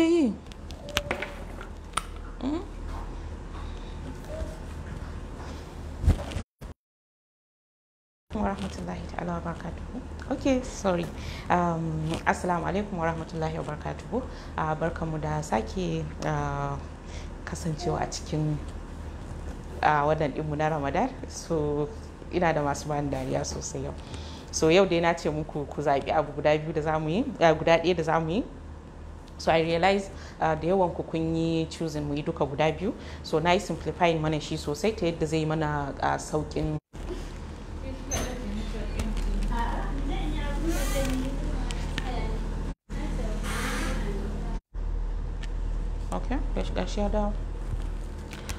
yi hmm? warahmatullahi ta'ala wa barakatuhu ok sorry um, assalamu alaikum warahmatullahi wa barakatuhu uh, ah, barkamu da sake uh, kasancewa a cikin uh, wannan dinmu na ramadan so ina da masu bani dariya sosai yau so yau dai na ce muku ku zaɓi abu guda biyu da zamu yi guda ɗaya da zamu yi so i realize uh, da yawan ku kun yi choosing mu duka guda biyu so na yi simplifying mana shi sosai ta yadda zai mana uh, saukin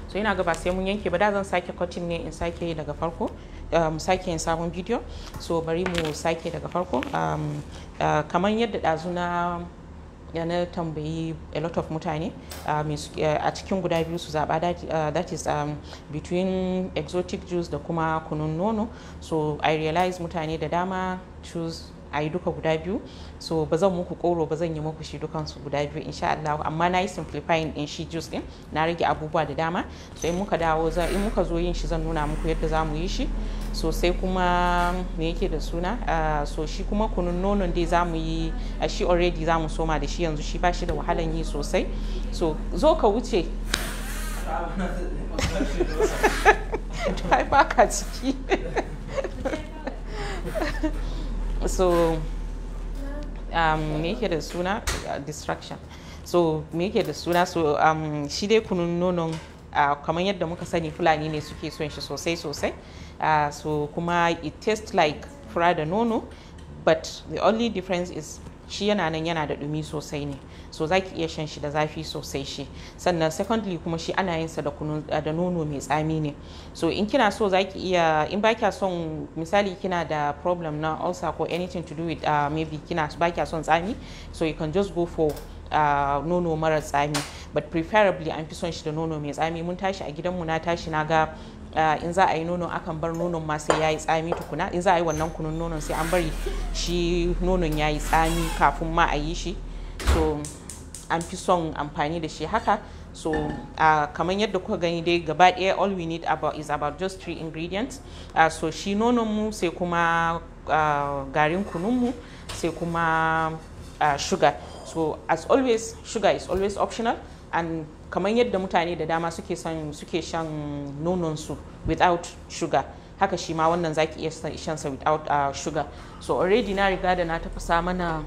so ina ga sai mun yanke ba da zan sake cutting ne in sake daga farko mu um, sake yin sabon bidiyo so bari mu sake daga farko um, uh, kamar yadda ɗazu na na tambayi a lot of mutane uh, uh, a cikin guda biyu su zaba uh, that is um, between exotic juice da kuma kunun nono so i realize mutane da dama choose a yi duka guda biyu so ba zan muku koro ba zan yi muku shi dukansu guda biyu insha Allah amma na yi simplifying in shi juice din na rage abubuwa da dama so muka dawo za in muka zo yin shi zan nuna muku yadda za mu yi shi so sai kuma me yake da suna uh, so shi kuma kunun nonon dai za mu yi uh, shi already za soma da shi yanzu shi ba shi da wahalan yi sosai so zo ka wuce ciki Um, uh, so me yake da suna distraction so me yake da suna so um, shi dai kunun nonon uh, kamar yadda muka sani fulani ne suke son shi sosai sosai uh, so kuma it tastes like fura da nono but the only difference is shi yana nan yana da dumi sosai ne so za ki iya shan shi da zafi sosai shi sannan secondly kuma shi ana yin sa da eh, da nono mai tsami ne so in kina so za ki iya in ba kya son misali kina da problem na ulcer ko anything to do with uh, maybe kina ba kya son tsami so you can just go for Uh, nono mara tsami but preferably an fi son shi da nono mai tsami mun tashi a gidanmu na tashi na ga Eh, in za a yi nono akan bar nonon ma sai ya yi tsami tukuna in za a yi wannan kunun nonon sai an bari shi nonon ya yi tsami kafin ma a yi shi so an fi son amfani da shi haka so uh, eh, kamar yadda kuka gani dai gaba ɗaya all we need about is about just three ingredients uh, so shi nononmu sai kuma uh, garin kununmu sai kuma uh, sugar so as always sugar is always optional and kamar yadda mutane da dama suke son suke shan nononsu without sugar haka shi ma wannan zaki iya shan sa without uh, sugar so already na riga da na tafasa mana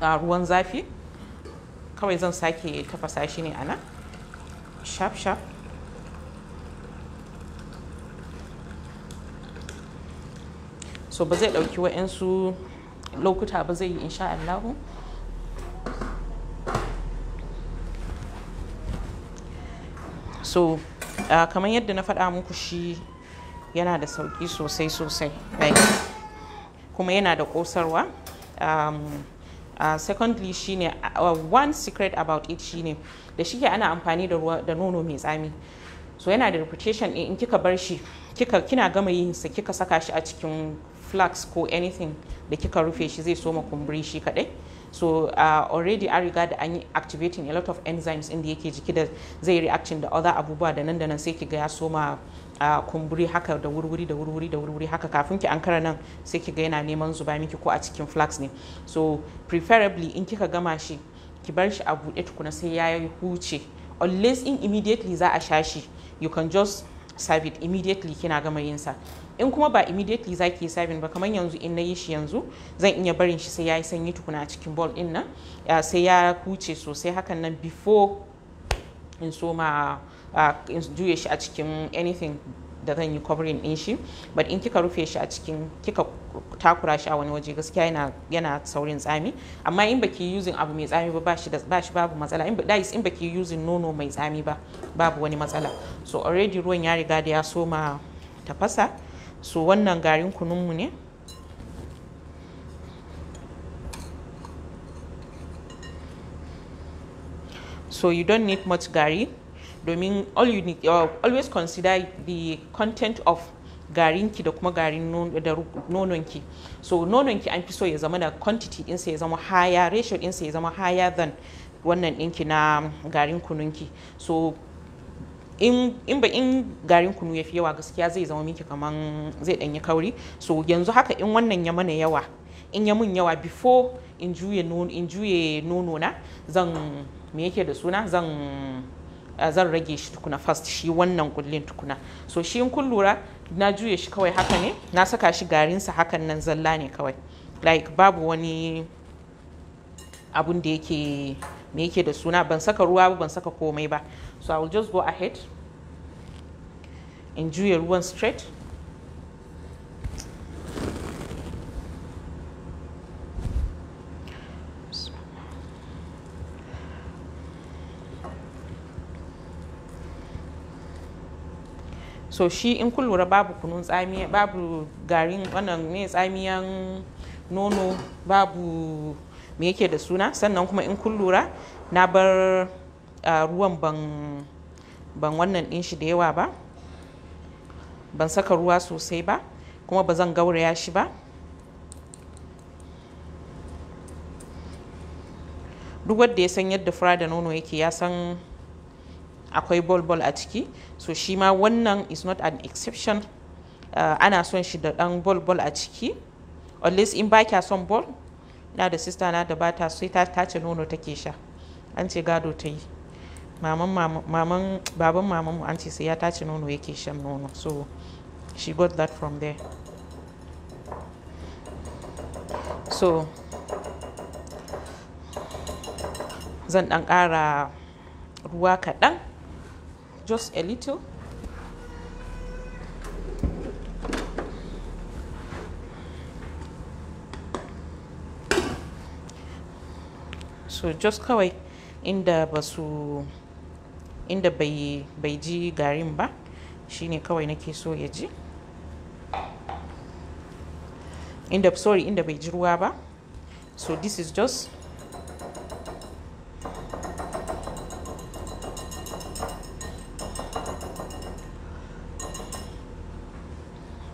uh, ruwan zafi kawai zan sake tafasa shi ne ana sharp sharp so ba zai dauki wa'yansu lokuta ba zai yi insha Allahu so uh, kamar yadda na faɗa muku shi yana da sauki sosai sosai like, kuma yana da ƙosarwa um, uh, secondly shine uh, one secret about it shine da shi ana amfani da ruwa da nono mai tsami so yana da reputation in kika bar shi kika kina gama yin sa kika saka shi a cikin flax ko anything da kika rufe shi zai soma kumburi shi kadai so uh, already an riga da an yi activating a lot of enzymes inda yake jiki da zai reaction da other abubuwa da nan da nan sai ki ga ya soma a uh, kumburi haka da wurwuri da wurwuri da wurwuri haka kafin ki ankara nan sai ki ga yana neman zuba miki ko a cikin flax ne so preferably in kika gama shi ki bar shi a buɗe tukuna sai ya huce unless in immediately za a sha shi you can just serve it immediately kina gama yin sa in kuma ba immediately za ki yi ba kamar yanzu in na yi shi yanzu zan iya barin shi sai ya yi sanyi tukuna a cikin ball din nan ah, sai ya huce sosai hakan nan before in so ma ah, in juye shi a cikin anything da zan yi covering din shi but in kika rufe shi a cikin kika takura shi a wani waje gaskiya yana yana saurin tsami amma in baki using abu mai tsami ba ba shi ba shi babu matsala in that in baki using nono mai tsami ba babu wani matsala so already ruwan ya riga da ya soma tafasa so wannan garin kununmu ne so you don't need much gari domin all you need uh, always consider the content of garinki da kuma garin nononki so nononki an fi so ya zama da quantity ɗinsa ya zama higher ratio ɗinsa ya zama higher than wannan ɗinki na garin kununki so in in ba in garin kunu ya fi yawa gaskiya zai zama miki kaman zai danyi kauri so yanzu haka in wannan ya mana yawa in ya mun yawa before in juye nono na zan me yake da suna zan eh, zan rage shi tukuna fast shi wannan kullin tukuna so shi in kun lura na juye shi kawai haka ne na saka shi garinsa hakan nan zalla ne kawai like babu wani abun da yake me yake da suna ban saka ruwa ba ban saka komai ba so i will just go ahead in juya ruwan straight so shi in kun lura babu kunun tsamiya babu garin wannan ne tsamiyan nono babu me yake da suna sannan kuma in kun lura na bar uh, ruwan ban wannan din shi da yawa ba ban saka ruwa sosai ba kuma ba zan gauraya shi ba duk wadda ya san yadda fura da nono yake ya san akwai bol-bol a ciki so shi ma wannan is not an exception uh, ana son shi da dan bol-bol a ciki least in ba kya son bol na da sista na da bata sai ta tace nono take sha an ce gado ta yi maman baban maman mu sai ya tace nono yake shan nono so she got that from there so zan dan kara ruwa kaɗan just a little so just kawai inda ba su inda bai ji garin ba shine kawai nake so ya ji inda sorry inda bai ji ruwa ba so this is just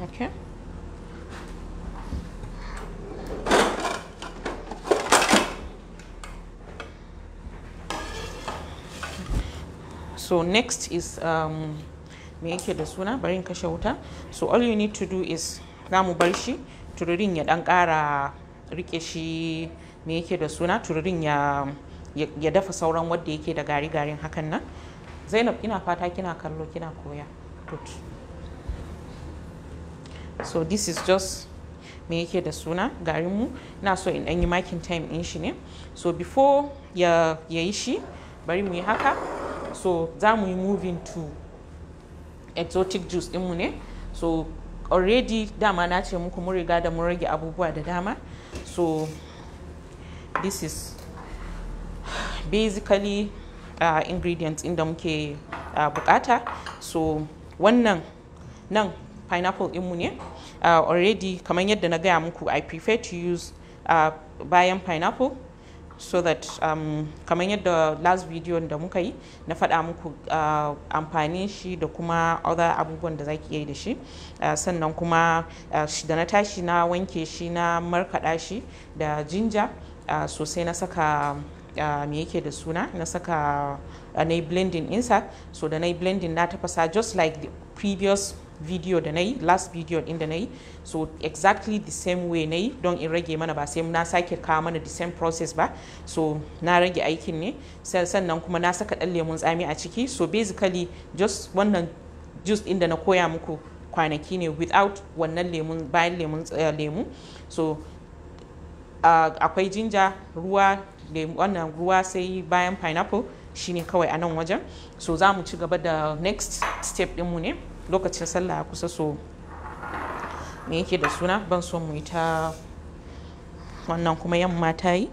okay so next is um, me yake da suna bari kashe wuta so all you need to do is za bar shi tururin ya dan kara rike shi me yake da suna tururin ya ya dafa sauran wadda yake da gari garin hakan nan zainab ina fata kina kallo kina koya good so this is just me yake da suna garin mu na so in dan yi making time in shi ne so before ya yi shi bari mu yi haka so za mu yi moving to exotic juice ɗinmu ne so already dama na ce muku mun riga da mun rage abubuwa da dama so this is basically uh, ingredients inda muke uh, bukata so wannan nan pineapple ɗinmu ne uh, already kamar yadda na gaya muku i prefer to use uh, bayan pineapple so that um, kamar yadda last video da muka yi na faɗa muku uh, amfanin shi da kuma other abubuwan da zaki iya yi da shi uh, sannan kuma uh, da na tashi na wanke shi na markaɗa shi da jinja uh, sosai na saka uh, me yake da suna na saka uh, na yi blending insa so da na yi blending na tafasa just like the previous video da na yi last video din da na yi so exactly the same way na yi don in rage mana ba sai na sake kawo mana the same process ba so na rage aikin ne sannan kuma na saka ɗan lemun tsami a ciki so basically just wannan just inda na koya muku kwanaki ne without wannan lemun bayan lemun eh, lemu so ah, akwai jinja ruwa wannan ruwa sai bayan pineapple shine kawai a nan wajen so za mu ci gaba da next step din mu ne lokacin sallah a kusa so me yake da suna ban so mu ta wannan kuma yamma ta yi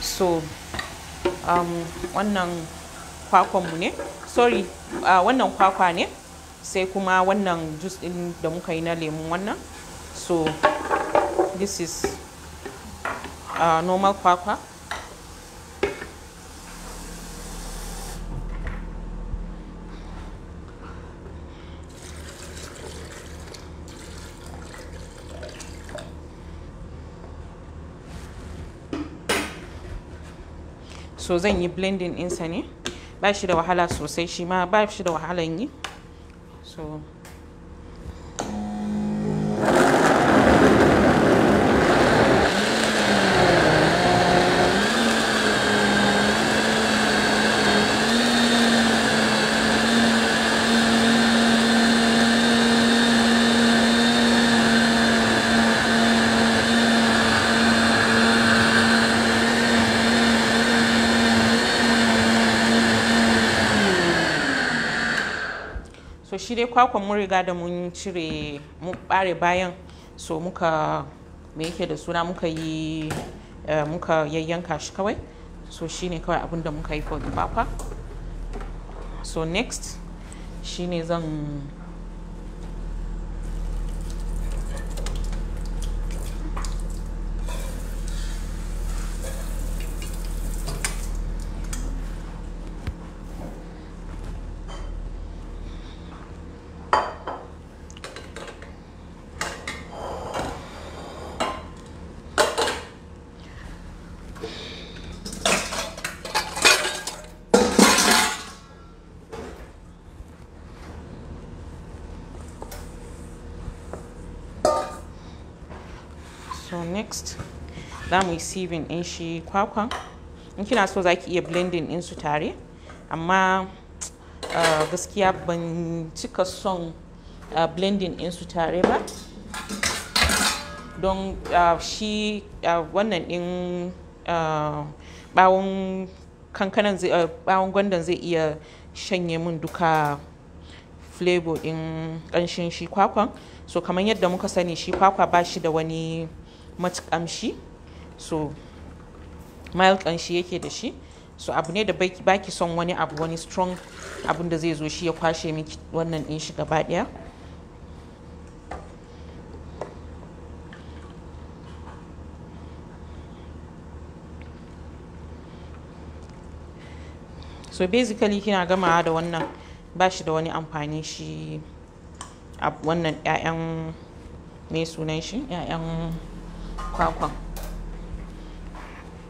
so um, wannan kwakwanmu ne sorry uh, wannan kwakwa ne sai kuma wannan jus din da muka yi na lemun wannan so this is uh, normal kwakwa so zan yi blending ɗinsa ne ba shi da wahala sosai shi ma ba shi da wahalan yi so shi dai kwakwan mun riga da mun cire mun bare bayan so muka me yake da suna muka yi eh, muka yayyanka shi kawai so shi ne kawai abin da muka yi for the papa so next shi ne zan so next za mu yi sieving shi kwakwan in kina so za ki iya blending din su tare amma ah, gaskiya ban cika son ah, blending din su tare ba don ah, shi wannan din bawon kankanan bawon gwandan zai iya shanye mun duka flavor din kanshin shi kwakwan so kamar yadda muka sani shi kwakwa ba shi da wani matukamshi so mild kanshi yake da shi so abu ne da baki son wani abu wani strong abun da zai zo shi ya kwashe miki wannan din shi gaba daya so basically kina gamawa da wannan ba shi da wani amfani shi wannan 'ya'yan mai sunan shi 'ya'yan kwakwan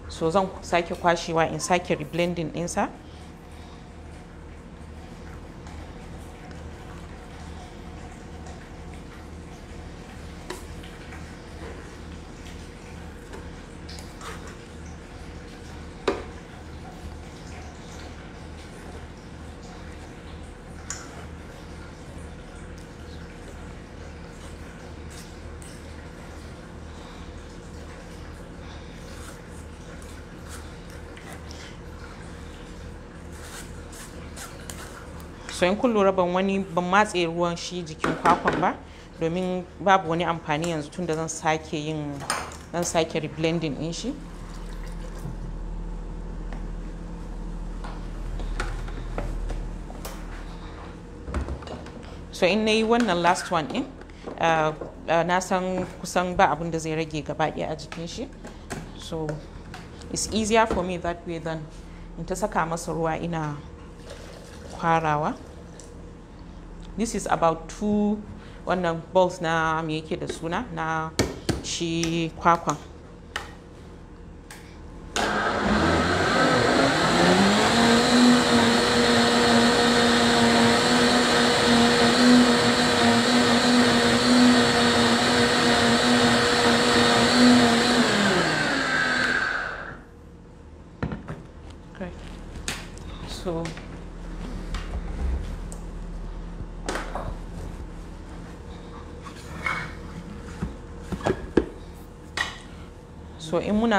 so zan sake kwashewa in sake reblending ɗinsa so in kun lura ban wani ban matse ruwan shi jikin kwakwan ba domin babu wani amfani yanzu tunda zan sake yin zan sake reblending din shi so in na yi wannan last one din ah, ah, na san kusan ba abin da zai rage gaba ɗaya a jikin shi so it's easier for me that way than in ta saka masa ruwa ina kwarawa this is about two wannan balls na me yake da suna na shi kwakwan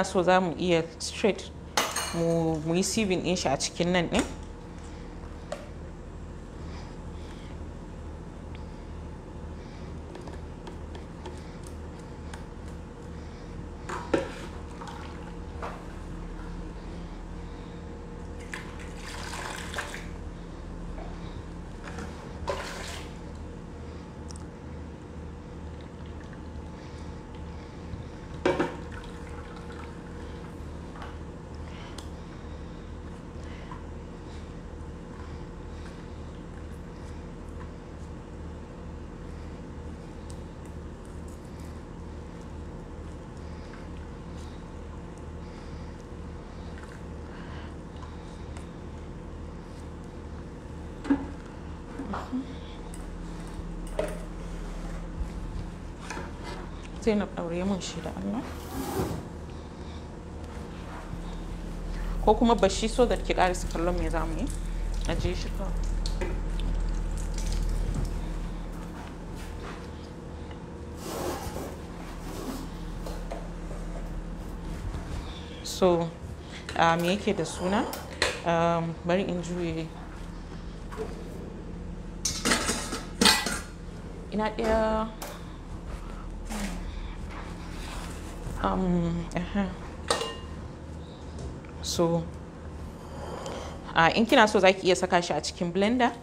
so za mu iya straight mu yi sieving din shi a cikin nan din Zainab ɗaure mun shi da Allah. Ko kuma bashi so da ki ƙarisa kallon me za mu yi? Ajiye shi kawai. so ah, me yake da suna um, bari in juye ina ɗaya um, uh so uh, in kina so za ki iya saka shi a cikin blender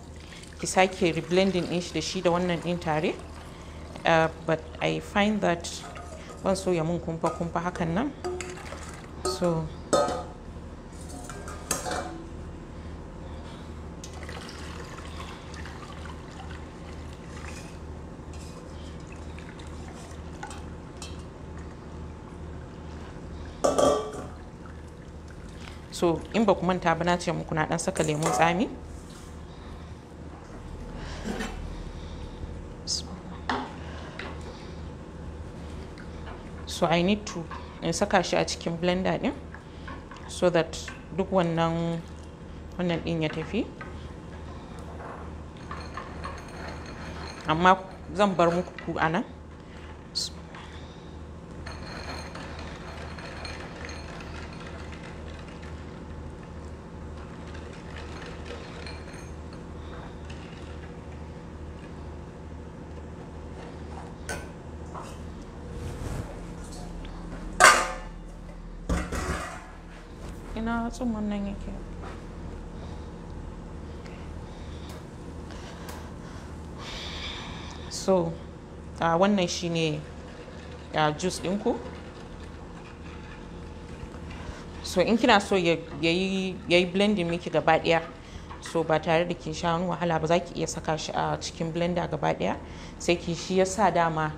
ki sake reblending din shi da shi da wannan din tare uh, but i find that ban so ya mun kumfa kumfa hakan nan so so in ba ku manta ba na ce muku na dan saka lemun tsami so i need to in saka shi a cikin blender din so that duk wannan wannan din ya tafi amma zan bar muku a nan wannan shine jus dinku so in kina so ya yi blending miki gaba daya so ba tare da kin sha wani wahala ba za ki iya saka shi a cikin blender gaba daya sai ki shi ya sa dama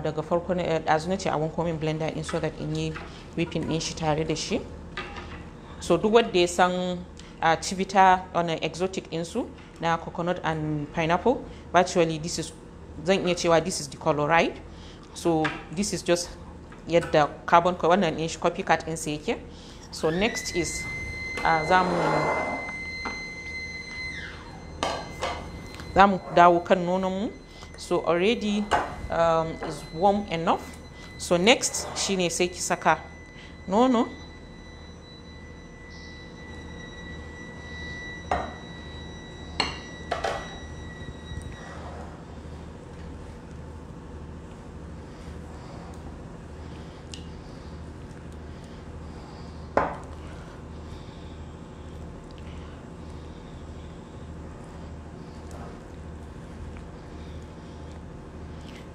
daga farko eh, ɗazu na ce abin komin blender in so that in yi whipping din shi tare da shi so duk wanda ya san civita on exotic insu na coconut and pineapple virtually this is zan iya cewa this is the chloride so this is just yadda carbon wannan din shi copycat din yake so next is zamu dawo kan nonon mu so already um, is warm enough so next shine sai ki saka nono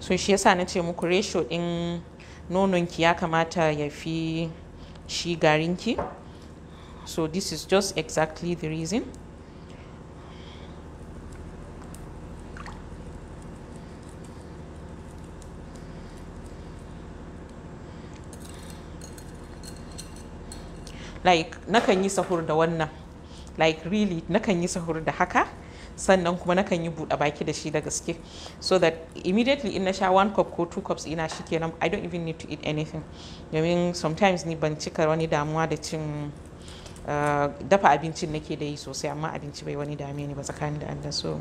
so shi yasa na ce muku ratio din nononki ya kamata ya fi shi garinki so this is just exactly the reason like nakan yi sahur da wannan like really nakan yi sahur da haka sannan kuma kan yi buɗe baki da shi da gaske so that immediately in na sha one cup ko two cups ina shi kenan i don't even need to eat anything domin sometimes ni ban cika wani damuwa da cin ah, dafa abincin nake da yi sosai amma abinci bai wani dame ni ba tsakanin da Allah so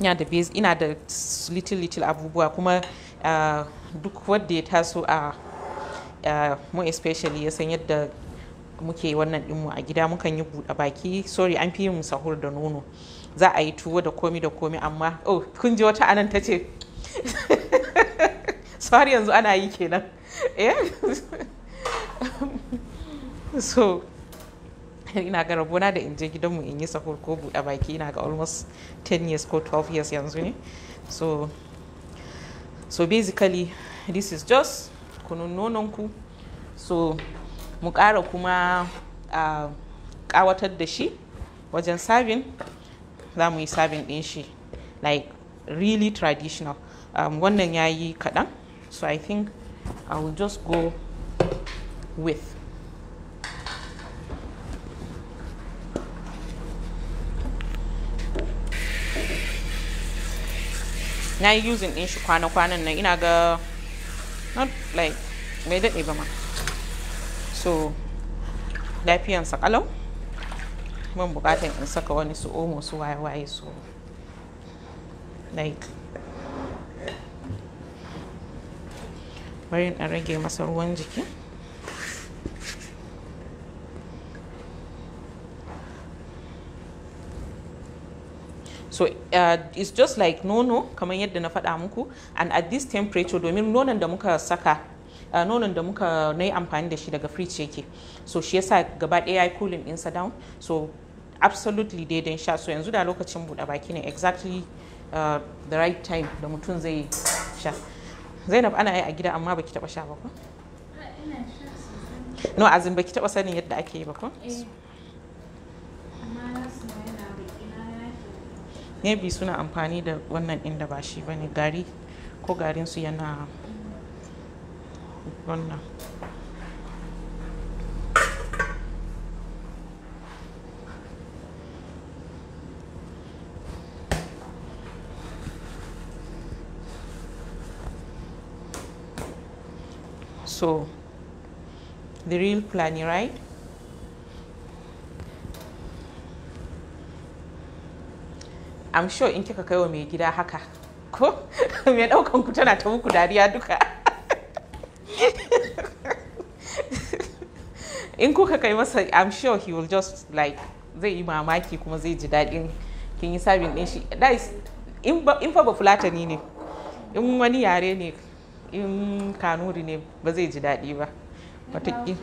ina da ina da little little abubuwa kuma ah, duk wanda ya taso a ah, mu especially ya san yadda muke wannan dinmu a gida mukan yi buɗe baki sorry an fi yin sahur da nono za a yi tuwo da komi da komi amma oh kun ji wata anan ta ce har yanzu ana yi kenan eh? so ina ga rabona da in je gidanmu in yi sahur ko buɗe baki ina ga almost 10 years ko 12 years yanzu ne so so basically this is just kunun nononku so mu ƙara kuma ƙawatar da shi wajen sabin za mu yi sabin ɗin shi like really traditional um, wannan ya yi kaɗan so i think i will just go with na yi using ɗin shi kwana-kwanan nan ina ga not like mai daɗe ba ma so sa kalau ban bukatan in saka wani su omo su waye-waye su like bari in rage masa ruwan jiki so uh, it's just like nono kamar yadda na faɗa muku and at this temperature domin nonon da muka saka Uh, nonon da muka na amfani da shi daga fridge yake so shi yasa gaba ɗaya ya yi cooling ɗinsa down so absolutely daidai sha so yanzu da lokacin buɗe baki ne exactly uh, the right time da mutum zai sha zainab ana yi a gida amma baki taba sha ba ko no azin baki taba sanin yadda ake yi ba ko eh, ne bi suna amfani da wannan inda ba shi bane gari ko garin su yana Voilà. So, the real right I'm sure in kika kai wa mai gida haka ko mai daukan ku tana ta muku dariya duka in kuka kai masa i'm sure he will just like zai yi mamaki kuma zai ji daɗin kin yi sabin ɗin shi in fa ba fulatani ne in wani yare ne in kanuri ne ba zai ji daɗi ba wataƙi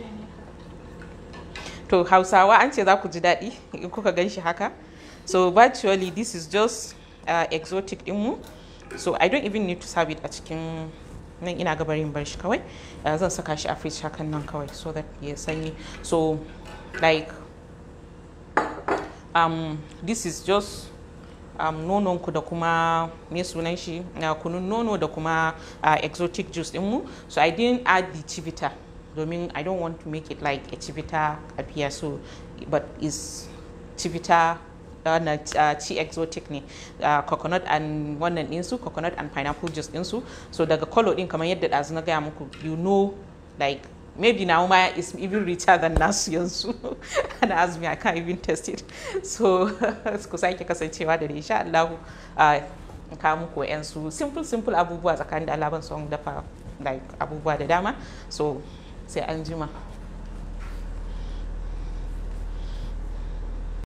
to hausawa an ce za ku ji daɗi in kuka gan shi haka so virtually this is just uh, exotic ɗinmu so i don't even need to serve it a cikin nan ina ga yin bar kawai eh, zan saka shi a fridge hakan nan kawai so that ya sanyi so like um, this is just um, ku da kuma me sunan shi uh, kunun nono da kuma uh, exotic juice mu so i didn't add the chivita domin i don't want to make it like a chivita appear so but is chivita wannan ah, ci exotic ne ah, coconut and wannan ɗinsu coconut and pineapple juice ɗinsu so daga color ɗin kamar yadda ɗazu na gaya muku you know like maybe now my is even richer than nasu yanzu and ask me I can't even test it so ku sake kasancewa da insha Allah ah, ka muku yan su simple simple abubuwa tsakanin da alaban dafa like abubuwa da dama so sai anjima.